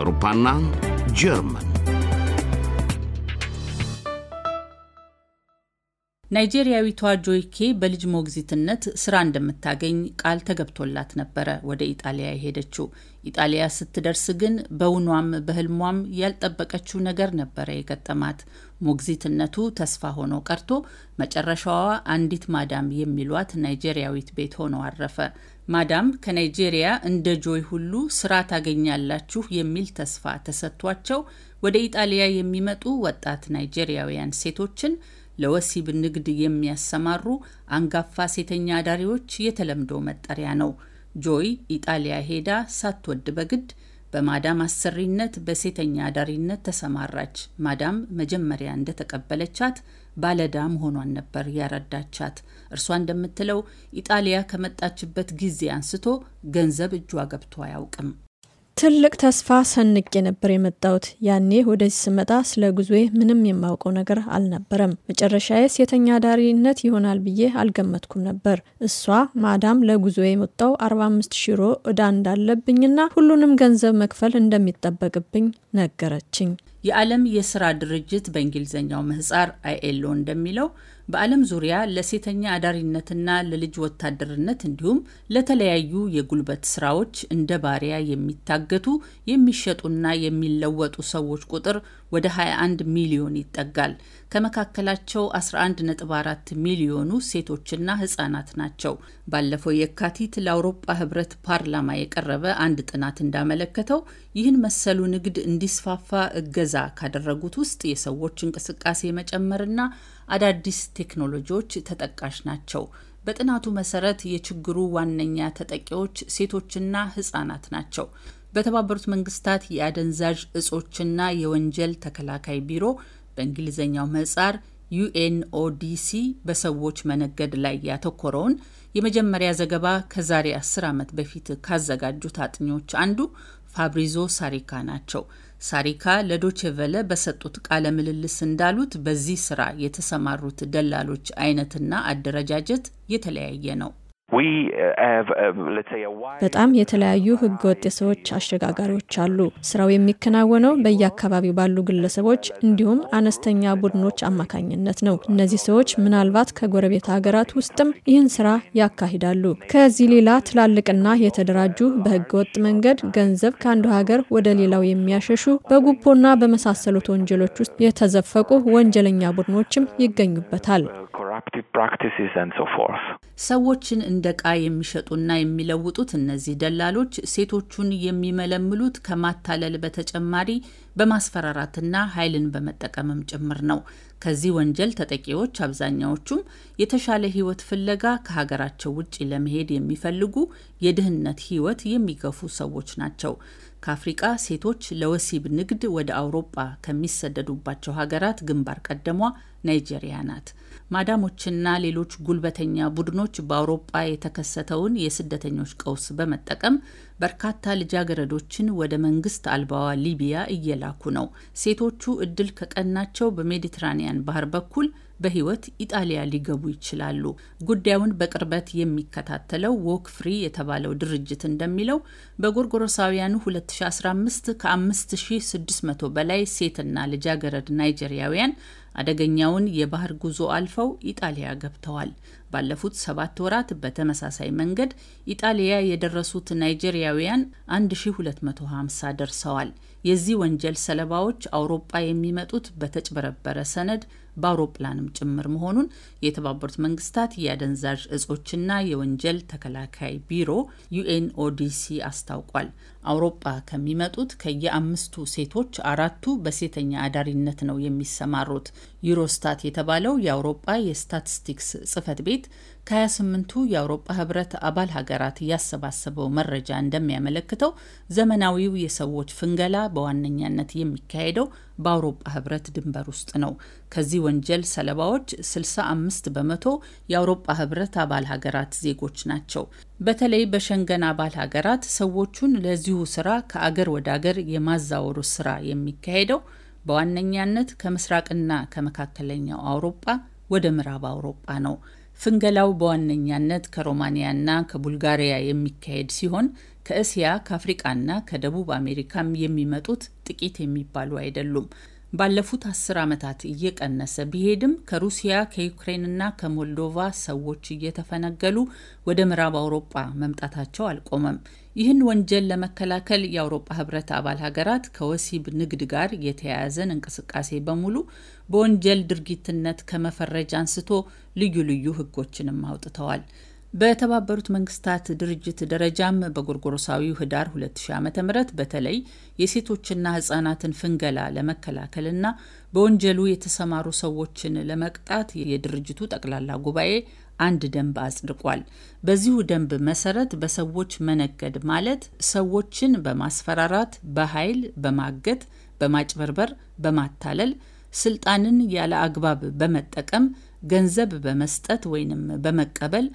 አውሮፓና ጀርመን ናይጄሪያዊቷ ጆይኬ በልጅ ሞግዚትነት ስራ እንደምታገኝ ቃል ተገብቶላት ነበረ ወደ ኢጣሊያ የሄደችው። ኢጣሊያ ስትደርስ ግን በውኗም በህልሟም ያልጠበቀችው ነገር ነበረ የገጠማት። ሞግዚትነቱ ተስፋ ሆኖ ቀርቶ መጨረሻዋ አንዲት ማዳም የሚሏት ናይጄሪያዊት ቤት ሆኖ አረፈ። ማዳም ከናይጄሪያ እንደ ጆይ ሁሉ ስራ ታገኛላችሁ የሚል ተስፋ ተሰጥቷቸው ወደ ኢጣሊያ የሚመጡ ወጣት ናይጄሪያውያን ሴቶችን ለወሲብ ንግድ የሚያሰማሩ አንጋፋ ሴተኛ አዳሪዎች የተለምዶ መጠሪያ ነው። ጆይ ኢጣሊያ ሄዳ ሳትወድ በግድ በማዳም አሰሪነት በሴተኛ አዳሪነት ተሰማራች። ማዳም መጀመሪያ እንደተቀበለቻት ባለዳ መሆኗን ነበር ያረዳቻት። እርሷ እንደምትለው ኢጣሊያ ከመጣችበት ጊዜ አንስቶ ገንዘብ እጇ ገብቶ አያውቅም። ትልቅ ተስፋ ሰንቄ ነበር የመጣሁት። ያኔ ወደዚህ ስመጣ ስለ ጉዞዬ ምንም የማውቀው ነገር አልነበረም። መጨረሻዬ ሴተኛ ዳሪነት ይሆናል ብዬ አልገመትኩም ነበር። እሷ ማዳም ለጉዞዬ የመጣው 45 ሺህ ዩሮ እዳ እንዳለብኝና ሁሉንም ገንዘብ መክፈል እንደሚጠበቅብኝ ነገረችኝ። የዓለም የስራ ድርጅት በእንግሊዝኛው ምህጻር አይኤልኦ እንደሚለው በዓለም ዙሪያ ለሴተኛ አዳሪነትና ለልጅ ወታደርነት እንዲሁም ለተለያዩ የጉልበት ስራዎች እንደ ባሪያ የሚታገቱ የሚሸጡና የሚለወጡ ሰዎች ቁጥር ወደ 21 ሚሊዮን ይጠጋል። ከመካከላቸው 11.4 ሚሊዮኑ ሴቶችና ህጻናት ናቸው። ባለፈው የካቲት ለአውሮፓ ህብረት ፓርላማ የቀረበ አንድ ጥናት እንዳመለከተው ይህን መሰሉ ንግድ እንዲስፋፋ እገዛ ካደረጉት ውስጥ የሰዎች እንቅስቃሴ መጨመርና አዳዲስ ቴክኖሎጂዎች ተጠቃሽ ናቸው። በጥናቱ መሰረት የችግሩ ዋነኛ ተጠቂዎች ሴቶችና ህጻናት ናቸው። በተባበሩት መንግስታት የአደንዛዥ እጾችና የወንጀል ተከላካይ ቢሮ በእንግሊዝኛው ምህጻር ዩኤንኦዲሲ በሰዎች መነገድ ላይ ያተኮረውን የመጀመሪያ ዘገባ ከዛሬ አስር ዓመት በፊት ካዘጋጁት አጥኚዎች አንዱ ፋብሪዞ ሳሪካ ናቸው። ሳሪካ ለዶቼቨለ በሰጡት ቃለ ምልልስ እንዳሉት በዚህ ስራ የተሰማሩት ደላሎች አይነትና አደረጃጀት የተለያየ ነው። Uh, um, በጣም የተለያዩ ህገወጥ የሰዎች አሸጋጋሪዎች አሉ። ስራው የሚከናወነው በየአካባቢው ባሉ ግለሰቦች እንዲሁም አነስተኛ ቡድኖች አማካኝነት ነው። እነዚህ ሰዎች ምናልባት ከጎረቤት ሀገራት ውስጥም ይህን ስራ ያካሂዳሉ። ከዚህ ሌላ ትላልቅና የተደራጁ በህገወጥ መንገድ ገንዘብ ከአንዱ ሀገር ወደ ሌላው የሚያሸሹ በጉቦና በመሳሰሉት ወንጀሎች ውስጥ የተዘፈቁ ወንጀለኛ ቡድኖችም ይገኙበታል። uh, ሰዎችን እንደ ቃ የሚሸጡና የሚለውጡት እነዚህ ደላሎች ሴቶቹን የሚመለምሉት ከማታለል በተጨማሪ በማስፈራራትና ኃይልን በመጠቀምም ጭምር ነው። ከዚህ ወንጀል ተጠቂዎች አብዛኛዎቹም የተሻለ ህይወት ፍለጋ ከሀገራቸው ውጭ ለመሄድ የሚፈልጉ የድህነት ህይወት የሚገፉ ሰዎች ናቸው። ከአፍሪቃ ሴቶች ለወሲብ ንግድ ወደ አውሮጳ ከሚሰደዱባቸው ሀገራት ግንባር ቀደሟ ናይጄሪያ ናት። ማዳሞችና ሌሎች ጉልበተኛ ቡድኖች በአውሮጳ የተከሰተውን የስደተኞች ቀውስ በመጠቀም በርካታ ልጃገረዶችን ወደ መንግስት አልባዋ ሊቢያ እየላኩ ነው። ሴቶቹ እድል ከቀናቸው በሜዲትራኒያን ባህር በኩል በህይወት ኢጣሊያ ሊገቡ ይችላሉ። ጉዳዩን በቅርበት የሚከታተለው ዎክ ፍሪ የተባለው ድርጅት እንደሚለው በጎርጎሮሳውያኑ 2015 ከ5600 በላይ ሴትና ልጃገረድ ናይጄሪያውያን አደገኛውን የባህር ጉዞ አልፈው ኢጣሊያ ገብተዋል። ባለፉት ሰባት ወራት በተመሳሳይ መንገድ ኢጣሊያ የደረሱት ናይጄሪያውያን 1250 ደርሰዋል። የዚህ ወንጀል ሰለባዎች አውሮጳ የሚመጡት በተጭበረበረ ሰነድ በአውሮፕላንም ጭምር መሆኑን የተባበሩት መንግስታት የአደንዛዥ እጾችና የወንጀል ተከላካይ ቢሮ ዩኤንኦዲሲ አስታውቋል። አውሮጳ ከሚመጡት ከየአምስቱ ሴቶች አራቱ በሴተኛ አዳሪነት ነው የሚሰማሩት። ዩሮስታት የተባለው የአውሮጳ የስታቲስቲክስ ጽህፈት ቤት ድርጅት ከ28ቱ የአውሮፓ ህብረት አባል ሀገራት ያሰባሰበው መረጃ እንደሚያመለክተው ዘመናዊው የሰዎች ፍንገላ በዋነኛነት የሚካሄደው በአውሮፓ ህብረት ድንበር ውስጥ ነው። ከዚህ ወንጀል ሰለባዎች 65 በመቶ የአውሮፓ ህብረት አባል ሀገራት ዜጎች ናቸው። በተለይ በሸንገን አባል ሀገራት ሰዎቹን ለዚሁ ስራ ከአገር ወደ አገር የማዛወሩ ስራ የሚካሄደው በዋነኛነት ከምስራቅና ከመካከለኛው አውሮፓ ወደ ምዕራብ አውሮፓ ነው። ፍንገላው በዋነኛነት ከሮማኒያና ከቡልጋሪያ የሚካሄድ ሲሆን ከእስያ ከአፍሪቃና ከደቡብ አሜሪካም የሚመጡት ጥቂት የሚባሉ አይደሉም። ባለፉት አስር ዓመታት እየቀነሰ ቢሄድም ከሩሲያ ከዩክሬንና ከሞልዶቫ ሰዎች እየተፈነገሉ ወደ ምዕራብ አውሮጳ መምጣታቸው አልቆመም። ይህን ወንጀል ለመከላከል የአውሮጳ ህብረት አባል ሀገራት ከወሲብ ንግድ ጋር የተያያዘን እንቅስቃሴ በሙሉ በወንጀል ድርጊትነት ከመፈረጅ አንስቶ ልዩ ልዩ ህጎችንም አውጥተዋል። በተባበሩት መንግስታት ድርጅት ደረጃም በጎርጎሮሳዊው ህዳር 2000 ዓ ም በተለይ የሴቶችና ህጻናትን ፍንገላ ለመከላከልና በወንጀሉ የተሰማሩ ሰዎችን ለመቅጣት የድርጅቱ ጠቅላላ ጉባኤ አንድ ደንብ አጽድቋል። በዚሁ ደንብ መሰረት በሰዎች መነገድ ማለት ሰዎችን በማስፈራራት፣ በኃይል፣ በማገት፣ በማጭበርበር፣ በማታለል ስልጣንን ያለ አግባብ በመጠቀም ገንዘብ በመስጠት ወይንም በመቀበል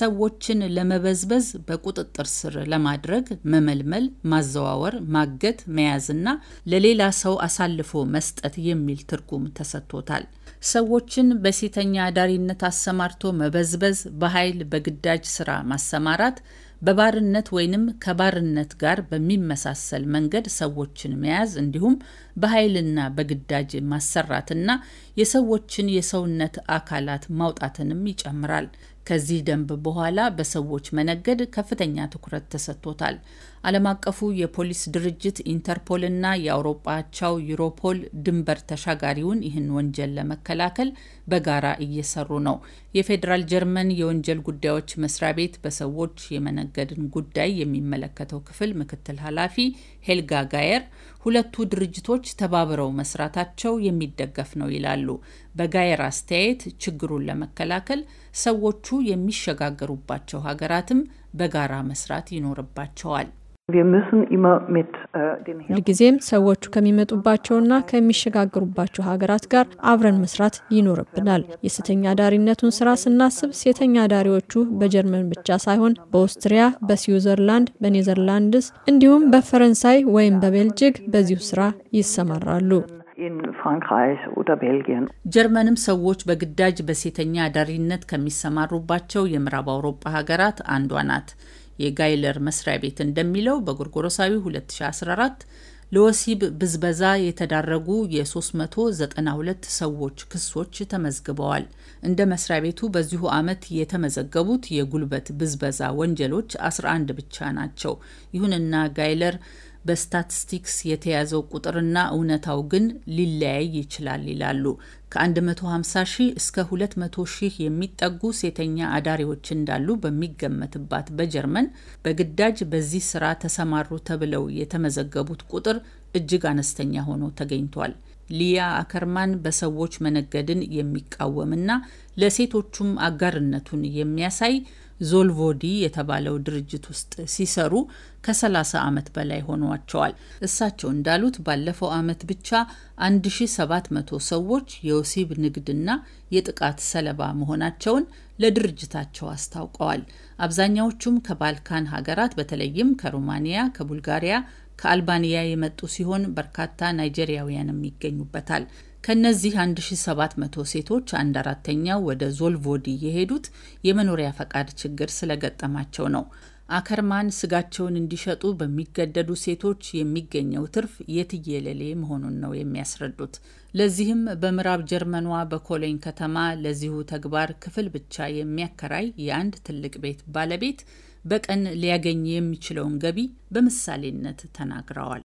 ሰዎችን ለመበዝበዝ በቁጥጥር ስር ለማድረግ መመልመል፣ ማዘዋወር፣ ማገት፣ መያዝና ለሌላ ሰው አሳልፎ መስጠት የሚል ትርጉም ተሰጥቶታል። ሰዎችን በሴተኛ አዳሪነት አሰማርቶ መበዝበዝ፣ በኃይል በግዳጅ ስራ ማሰማራት፣ በባርነት ወይንም ከባርነት ጋር በሚመሳሰል መንገድ ሰዎችን መያዝ እንዲሁም በኃይልና በግዳጅ ማሰራትና የሰዎችን የሰውነት አካላት ማውጣትንም ይጨምራል። ከዚህ ደንብ በኋላ በሰዎች መነገድ ከፍተኛ ትኩረት ተሰጥቶታል። ዓለም አቀፉ የፖሊስ ድርጅት ኢንተርፖልና የአውሮፓ የአውሮጳቻው ዩሮፖል ድንበር ተሻጋሪውን ይህን ወንጀል ለመከላከል በጋራ እየሰሩ ነው። የፌዴራል ጀርመን የወንጀል ጉዳዮች መስሪያ ቤት በሰዎች የመነገድን ጉዳይ የሚመለከተው ክፍል ምክትል ኃላፊ ሄልጋ ጋየር ሁለቱ ድርጅቶች ተባብረው መስራታቸው የሚደገፍ ነው ይላሉ። በጋየር አስተያየት ችግሩን ለመከላከል ሰዎቹ የሚሸጋገሩባቸው ሀገራትም በጋራ መስራት ይኖርባቸዋል። Äh, ሁልጊዜም ሰዎቹ ከሚመጡባቸውና ከሚሸጋገሩባቸው ሀገራት ጋር አብረን መስራት ይኖርብናል። የሴተኛ ዳሪነቱን ስራ ስናስብ ሴተኛ ዳሪዎቹ በጀርመን ብቻ ሳይሆን በኦስትሪያ፣ በስዊዘርላንድ፣ በኔዘርላንድስ እንዲሁም በፈረንሳይ ወይም በቤልጅግ በዚሁ ስራ ይሰማራሉ። ጀርመንም ሰዎች በግዳጅ በሴተኛ አዳሪነት ከሚሰማሩባቸው የምዕራብ አውሮፓ ሀገራት አንዷ ናት። የጋይለር መስሪያ ቤት እንደሚለው በጎርጎሮሳዊ 2014 ለወሲብ ብዝበዛ የተዳረጉ የ392 ሰዎች ክሶች ተመዝግበዋል። እንደ መስሪያ ቤቱ በዚሁ ዓመት የተመዘገቡት የጉልበት ብዝበዛ ወንጀሎች 11 ብቻ ናቸው። ይሁንና ጋይለር በስታትስቲክስ የተያዘው ቁጥርና እውነታው ግን ሊለያይ ይችላል ይላሉ። ከ150 ሺህ እስከ 200 ሺህ የሚጠጉ ሴተኛ አዳሪዎች እንዳሉ በሚገመትባት በጀርመን በግዳጅ በዚህ ስራ ተሰማሩ ተብለው የተመዘገቡት ቁጥር እጅግ አነስተኛ ሆኖ ተገኝቷል። ሊያ አከርማን በሰዎች መነገድን የሚቃወምና ለሴቶቹም አጋርነቱን የሚያሳይ ዞልቮዲ የተባለው ድርጅት ውስጥ ሲሰሩ ከ30 ዓመት በላይ ሆኗቸዋል። እሳቸው እንዳሉት ባለፈው ዓመት ብቻ 1700 ሰዎች የወሲብ ንግድና የጥቃት ሰለባ መሆናቸውን ለድርጅታቸው አስታውቀዋል። አብዛኛዎቹም ከባልካን ሀገራት በተለይም ከሩማንያ፣ ከቡልጋሪያ፣ ከአልባንያ የመጡ ሲሆን በርካታ ናይጄሪያውያንም ይገኙበታል። ከነዚህ 1700 ሴቶች አንድ አራተኛው ወደ ዞልቮዲ የሄዱት የመኖሪያ ፈቃድ ችግር ስለገጠማቸው ነው። አከርማን ስጋቸውን እንዲሸጡ በሚገደዱ ሴቶች የሚገኘው ትርፍ የትየለሌ መሆኑን ነው የሚያስረዱት። ለዚህም በምዕራብ ጀርመኗ በኮሎኝ ከተማ ለዚሁ ተግባር ክፍል ብቻ የሚያከራይ የአንድ ትልቅ ቤት ባለቤት በቀን ሊያገኝ የሚችለውን ገቢ በምሳሌነት ተናግረዋል።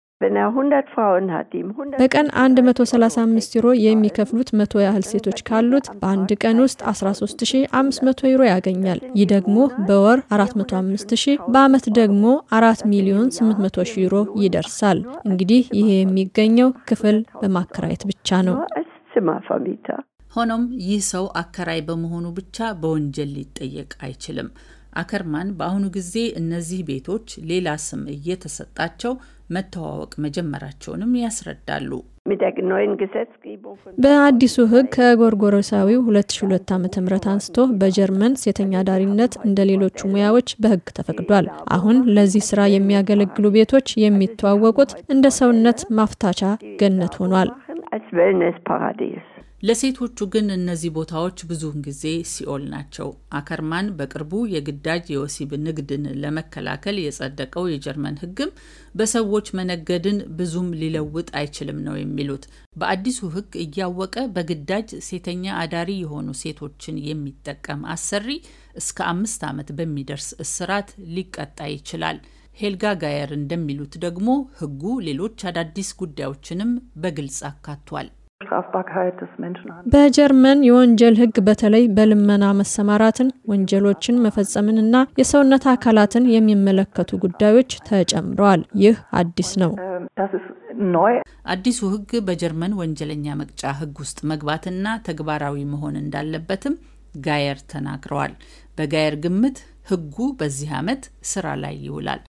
በቀን 135 ዩሮ የሚከፍሉት መቶ ያህል ሴቶች ካሉት በአንድ ቀን ውስጥ 13500 ዩሮ ያገኛል። ይህ ደግሞ በወር 405000፣ በአመት ደግሞ 4 ሚሊዮን 800 ሺህ ዩሮ ይደርሳል። እንግዲህ ይሄ የሚገኘው ክፍል በማከራየት ብቻ ነው። ሆኖም ይህ ሰው አከራይ በመሆኑ ብቻ በወንጀል ሊጠየቅ አይችልም። አከርማን በአሁኑ ጊዜ እነዚህ ቤቶች ሌላ ስም እየተሰጣቸው መተዋወቅ መጀመራቸውንም ያስረዳሉ። በአዲሱ ሕግ ከጎርጎሮሳዊው 2002 ዓ ም አንስቶ በጀርመን ሴተኛ አዳሪነት እንደ ሌሎቹ ሙያዎች በሕግ ተፈቅዷል። አሁን ለዚህ ስራ የሚያገለግሉ ቤቶች የሚተዋወቁት እንደ ሰውነት ማፍታቻ ገነት ሆኗል። ለሴቶቹ ግን እነዚህ ቦታዎች ብዙውን ጊዜ ሲኦል ናቸው። አከርማን በቅርቡ የግዳጅ የወሲብ ንግድን ለመከላከል የጸደቀው የጀርመን ሕግም በሰዎች መነገድን ብዙም ሊለውጥ አይችልም ነው የሚሉት። በአዲሱ ሕግ እያወቀ በግዳጅ ሴተኛ አዳሪ የሆኑ ሴቶችን የሚጠቀም አሰሪ እስከ አምስት ዓመት በሚደርስ እስራት ሊቀጣ ይችላል። ሄልጋ ጋየር እንደሚሉት ደግሞ ሕጉ ሌሎች አዳዲስ ጉዳዮችንም በግልጽ አካቷል። በጀርመን የወንጀል ሕግ በተለይ በልመና መሰማራትን፣ ወንጀሎችን መፈጸምንና የሰውነት አካላትን የሚመለከቱ ጉዳዮች ተጨምረዋል። ይህ አዲስ ነው። አዲሱ ሕግ በጀርመን ወንጀለኛ መቅጫ ሕግ ውስጥ መግባትና ተግባራዊ መሆን እንዳለበትም ጋየር ተናግረዋል። በጋየር ግምት ሕጉ በዚህ ዓመት ስራ ላይ ይውላል።